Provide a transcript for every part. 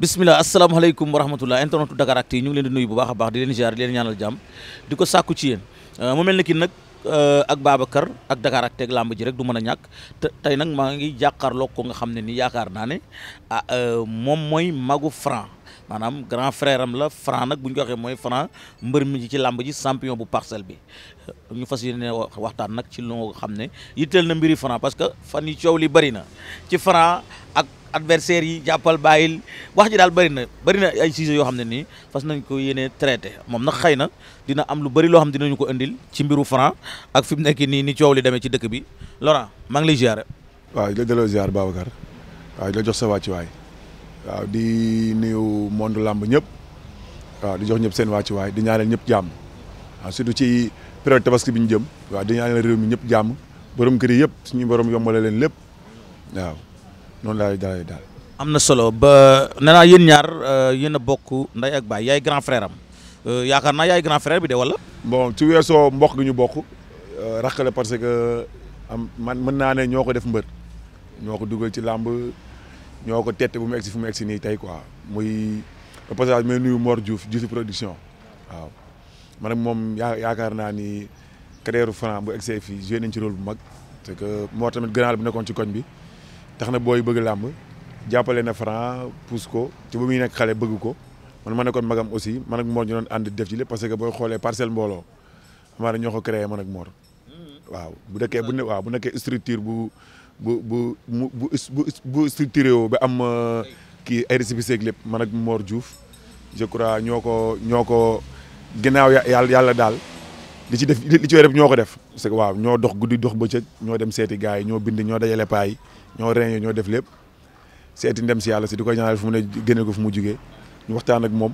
bisimilah asalaamaaleykum wa rahmatulah internetu Dakaractu yi ñu ngi leen di nuyu bu baax a di leen ziar di ñaanal jàmm di ko sàkku ci yéen euh, mu mel na ki nag euh, ak Babacar ak Dakaractu ak làmb ji rek du man a ñàkk te tey nag maa ngi jàkkaarloo ko nga xam ne ni yaakaar naa ne ah euh, moom mooy magu Franc maanaam grand frère la Franc nag bu ñu ko waxee mooy Franc mbër mi ci làmb ji champion bu parcelle bi ñu fas yéene waxtaan nag ci loo xam ne yitteel na mbiri Franc parce que fan yi coow li bëri na ci adversaires yi jàppal bàyyil wax ji daal bëri na bëri na ay sujets yoo xam ne nii fas nañ ko yéenee traité moom na xëy na dina am lu bari loo xam dinañu ko indil ci mbiru Franc ak fi mu nekk nii ni coow li demee ci dëkk bi Laurent mang lay ziar. waaw la delloo ziar Babacar waaw la jox sa wàccuwaay waaw di nuyu monde làmb ñëpp waaw di jox ñëpp seen wàccuwaay di ñaanal ñëpp jàmm waaw surtout ci période tabaski bi ñu jëm waaw di ñaanal réew mi ñëpp jàmm boroom kër yi yëpp suñu borom yombale leen lépp noonu laay daawee daal. am na solo ba nee naa yéen ñaar euh, yéen a bokk nday ak baay yaay grand frère am euh, yaakaar naa yaay grand frère bi de wala. bon ci weesoo mboq gi ñu bokk euh, rakk la parce que am man mën naa ne ñoo ko def mbër ñoo ko dugal ci làmb ñoo ko tette bu mu egsi fu mu egsi nii tey quoi muy au passage may nuyu Mor Diouf Diouf production waaw man ak moom yaa yaakaar naa ni carrière Franc bu egsee fii joué nañ ci rôle bu mag parce que Mor tamit ganaal bi nekkoon ci koñ bi. tax na booy bëgg làmb jàppale na Franc pousse ko ci ba muy nekk xale bëgg ko man ma nekkoon magam aussi man ak Mor ñu doon ànd def que booy xoolee parcelle mbooloo xamaa ne ñoo ko créé man ak Mor mm-hmm. waaw bu nekkee bu ne waaw bu nekkee structure bu bu bu bu bu structuré woo ba am euh, kii ay récépissé lépp man ak Mor Diouf je crois ñoo ko ñoo ko ginnaaw yàlla yàlla daal li ci def li ci wér ñoo ko def parce que waaw dox guddi dox bëccëg ñoo dem seeti gars yi ñoo bind ñoo dajale paay yi ñoo reñee ñoo def lépp seeti ndem si yàlla si di ko ñaanal fu mu ne génne fu mu jugee ñu waxtaan ak moom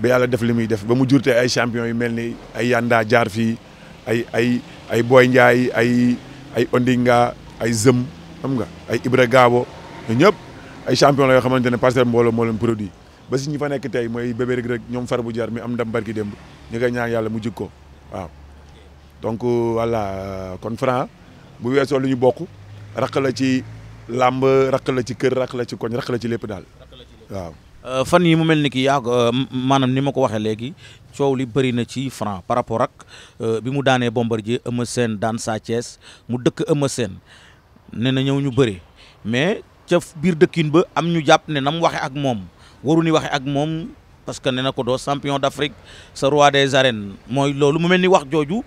ba yàlla def li muy def ba mu jurte ay champion yu mel ni ay Yanda jaar fii ay ay ay Boy Ndiaye ay ay Ondinga ay Zëm xam nga ay Ibra Gaabo ñëp ay champion la yoo xamante ne parcelle mbooloo moo leen produit ba si ñi fa nekk tey mooy bébé rek rek ñoom far bu jaar mi am ndam barki démb ñu koy ñaan yàlla mu jig ko waaw donc euh, voilà euh, kon Franc bu weesoo lu ñu bokk raq la ci làmb raq la ci kër raq la ci koñ raq la ci lépp daal waaw. Euh, fan yi mu mel ni ki yaa maanaam ni ma ko waxee léegi soow li bëri na ci Franc par rapport ak bi mu daanee bombar Bombardier Eumeu Sène daan Sa Thiès mu dëkk Eumeu Sène ne na ñëw ñu bëri mais ca biir dëkkin ba am ñu jàpp ne na mu waxee ak moom waru waxe ak moom parce que nee na ko doo champion d'Afrique sa roi des arènes mooy loolu mu mel ni wax jooju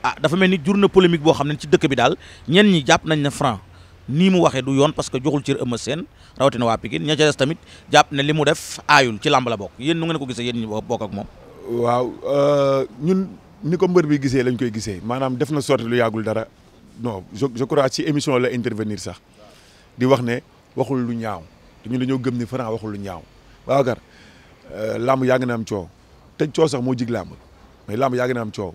a ah, dafa mel ni jur na polémique boo xam ne ci dëkk bi daal ñen ñi jàpp nañ ne Franc nii mu waxee du yoon parce que joxul cër Eumeu seen rawatina waa Pikine ña ca des tamit jàpp ne li mu def aayul ci làmb la bokk yéen nu ngeen ko gisee yéen ñi bokk ak moom. waaw euh, ñun ni ko mbër bi gisee lañ koy gisee maanaam def na sorti lu yàggul dara non je je émission la intervenir sax di wax ne waxul lu ñaaw te ñun dañoo gëm ni Franc waxul lu ñaaw làmb yàgg na am coow tëj coow sax moo jig làmb mais làmb yàgg na am coow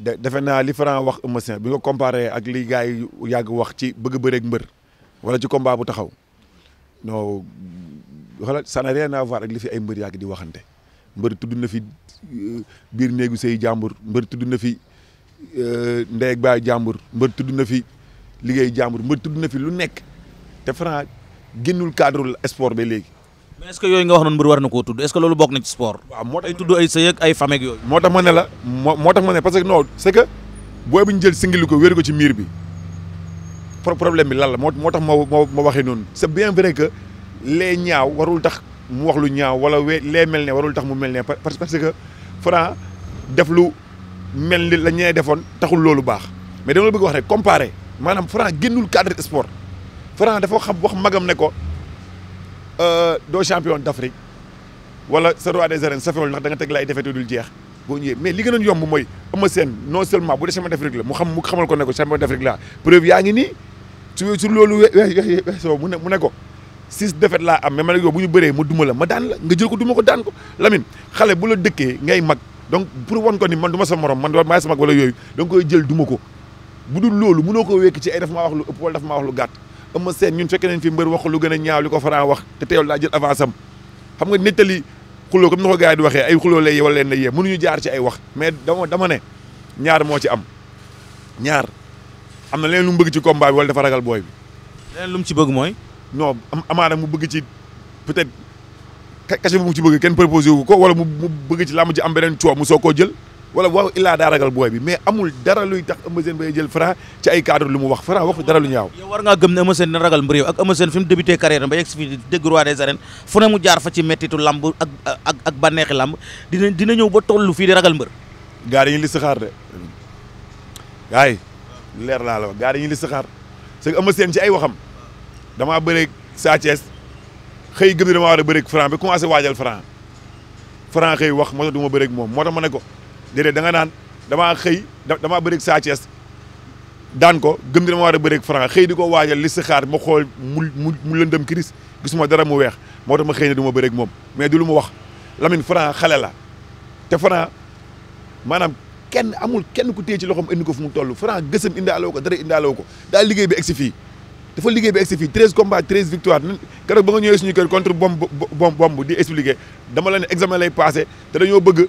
de defe naa li Franc wax Eumeu bi nga comparé ak li gars yàgg wax ci bëgg bëreeg mbër wala ci combat bu taxaw non xoolal ça n'a rien ak li fi ay mbër yàgg di waxante mbër tudd na fi euh, biir néegu sëy jàmbur mbër tudd na fi euh, ndey ak baay jàmbur mbër tudd na fi liggéey jàmbur mbër tudd na fi lu nekk te Franc génnul cadre sport ba léegi. mais est ce que yooyu nga wax noonu mbër war na tudd est ce que loolu na ci sport. waaw moo tax ay tudd ay sëy ak ay famille ak yooyu. moo tax la moo moo tax ma ne parce que non c' est que booy bu jël singil ko wéeru ko ci miir bi problème bi lan bien vrai que les ñaaw warul tax mu wax lu ñaaw wala we les mel warul tax mu mel ne parce parce que Franc def lu mel ni la ñee defoon taxul loolu baax mais dama la bëgg wax rek comparé maanaam Franc génnul cadre sport Franc dafa xam wax magam ne ko. Euh, do champion d'Afrique wala sa roi des arènes safewul ndax da nga teg lay ay defetu dul jeex bo ñëw mais li gënoon yomb moy Eumeu Sen non seulement bu dé champion d'Afrique la mu xam mu xamal ko ne ko champion d'Afrique la preuve ya ngi ni su su lolu so mu ne mu ne ko six défaite la am mais man ak yow bu ñu bëree duma la ma daan la nga jël ko duma ko daan ko Lamine xalé bu la dëkke ngay mag donc pour won ko ni man duma sa morom man ma sa mag wala yooyu da koy jël duma ko budul lolu loolu mënoo ci ay daf ma wax lu ëpp wala daf ma wax lu gatt Eumeu Sène ñun fekke nañ fi mbër wax lu gën a ñaaw li ko Franc wax te teewul daa jël avance am xam nga nittali xuloo comme ni ko gars yi di waxee ay xuloo lay wala leen na yee ñu jaar ci ay wax mais dama dama ne ñaar moo ci am ñaar am na leen lu bëgg ci combat bi wala dafa ragal booy bi. leneen lu mu ci bëgg mooy. non am amaana mu bëgg ci peut-être cachet bu mu ci bëgg kenn proposé wu ko wala mu bëgg ci làmb ci am beneen coow mu soo koo jël. wala wax illaa daa ragal booy bi mais amul dara luy tax Eumeu Sène bay jël Franc ci ay cadre lu mu wax Franc waxu dara lu ñaaw yow war ngaa gëm ne Eumeu Sène dina ragal mbër yow ak Eumeu Sène fi mu débuté carrière ba yegg si fi dégg roi des arènes fu mu jaar fa ci mettitu lamb ak ak ak lamb dina dina ñëw ba tollu fii di ragal mbër gaa ñi li saxaar de gaay leer laa la wax li saxaar parce que Eumeu ci ay waxam damaa bëreeg Sa xëy gëm ne damaa war a bi commencé waajal Franc Franc xëy wax moo du ma bëreeg moom moo tax ma ne ko déedéet da nga naan damaa xëy damaa bëreeg Sa Thiès daan ko gëm ni dama war a bëreeg Franc xëy di ko waajal li si xaar ma xool mu mu mu lëndëm kiris gisuma dara mu weex moo tax ma xëy ne du ma bëreeg moom mais du lu mu wax Lamine Franc xale la te Franc maanaam kenn amul kenn ku téye ci loxoom indi ko fu mu toll Franc gësam indaaloo ko dara indaaloo ko daal liggéey bi egg si fii dafa liggéey bi egg si fii treize combats treize victoire keroog ba nga ñëwee suñu kër contre bomb bëgg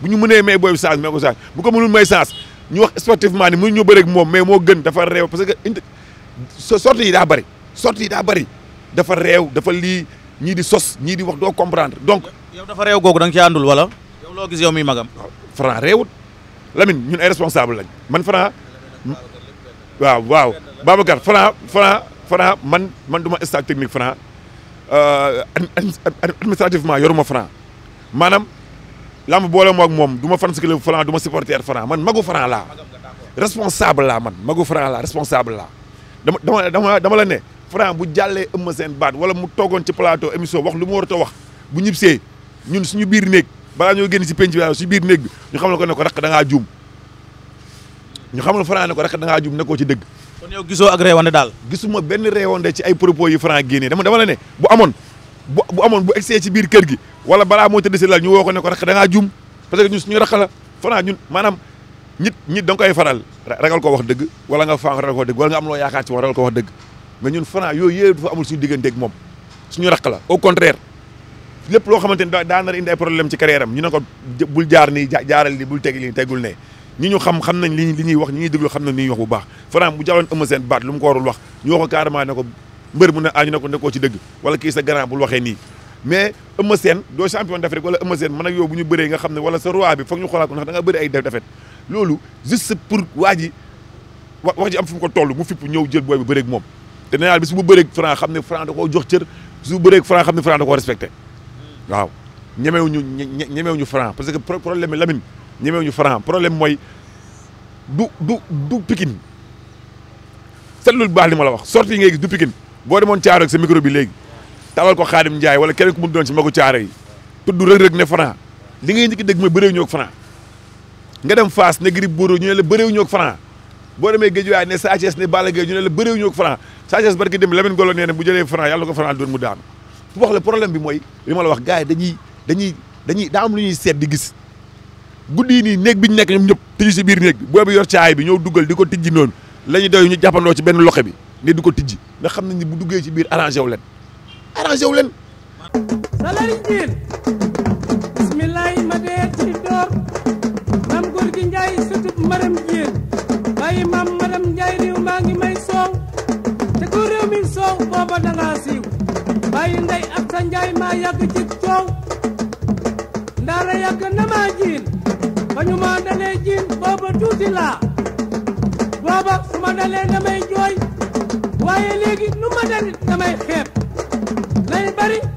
bu ñu mënee may booy bi chance may ko chance bu ko mënul may chance ñu wax sportivement ni mënuñu bëre ak moom mais moo gën dafa réew parce que inte sorties yi daa bëri sorties yi daa bëri dafa réew dafa lii ñii di sos ñii di wax doo comprendre donc. yow dafa réew googu da nga ci àndul wala. yow loo gis yow miy magam. waaw ñun ay responsable lañ man Franc waaw waaw Babacar Franc Franc man man du ma staff technique Franc euh, administrativement yoruma Franc maanaam. Je suis suis pas un supporter Franc man Franc la responsable la man magou Franc la responsable laa dama dama dama la ne Franc bu pas? ëmma sen baat wala mu togon ci plateau émission wax wax bu ñun suñu biir si penc bi suñu biir ko da ñu Franc ne da ci kon yow ak ci ay propos yu Franc dama dama la ne bu amone bu bu ci biir kër wala bala mo tëdd si lal ñu woko ne ko rek da nga jum parce que ñu ñu rakal fana ñun manam nit nit dang koy faral ragal ko wax deug wala nga faan ragal ko deug wala nga am lo yaakaar ci wax ragal ko wax deug mais ñun fanaa yooyu amul suñu ak mom, suñu rakal au contraire lepp lo xamanteni ni na indi ay problème ci carrière am ñu ne ko bul jaar ni jaaral nii bul tegg li tegul ne ñi ñu xam xam nañ li li ñuy wax ñi deglu xam nañ li wax bu baax fanaa bu jaawon ëma sen baat lu mu ko warul wax ñoko carrément ne ko mbeur mu ne ah, ne ko ci deug wala ki sa grand bul ni mais un deux champions champion d'Afrique wala Eumeu man ak yow nga wala sa roi bi ñu da nga ay juste pour waa wax ji am fu ko tollu mu fipp ñew jël bi ak mom te bis bu ak Franc xamné Franc da ko jox cër su Franc Franc da waaw parce que problème Lamine ñemewuñu Franc problème moy du du du baax la du pikin micro tawal ko Xaadim Njaay wala keneen ku mu doon ci magu caare yi tudd rëg-rëg ne Franc li ngay njëkk dégg mooy bëréew ñoo nga dem Fass ne Gris Bordeaux ñu ne la boo demee Guédiawaye ne Sa Thiès ne Balla ne la bëréew ñoo ak Franc Sa Thiès barki nee ne bu jëlee Franc yàlla ko Franc doon mu daanu bu wax bi mooy ma la wax gars yi dañuy dañuy dañuy daa am lu ñuy seet gis guddi yi nii néeg bi ñu nekk ñoom ñëpp tijji si biir néeg bi boobu yor caay bi ñëw duggal di ko tijji noon la ñuy doy ñu jàppandoo ci benn loxo bi ne di ko tijji nga xam nañ ne bu duggee ci biir arrangé wu leen arrangé wu leen. salari jiin bismillahi ma dee ci door maam góor Njaay sëtub maram jiin bàyyi maam maram Njaay réew maa ngi may soow te ko réew mi soow booba danga siiw bàyyi ndey ak Njaay maa yàgg ci coow ndaara yàgg na maa jiin ba ñu maa dalee jiin booba tuuti laa booba su ma jooy waaye léegi nu ma dalit damay xeeb Daddy.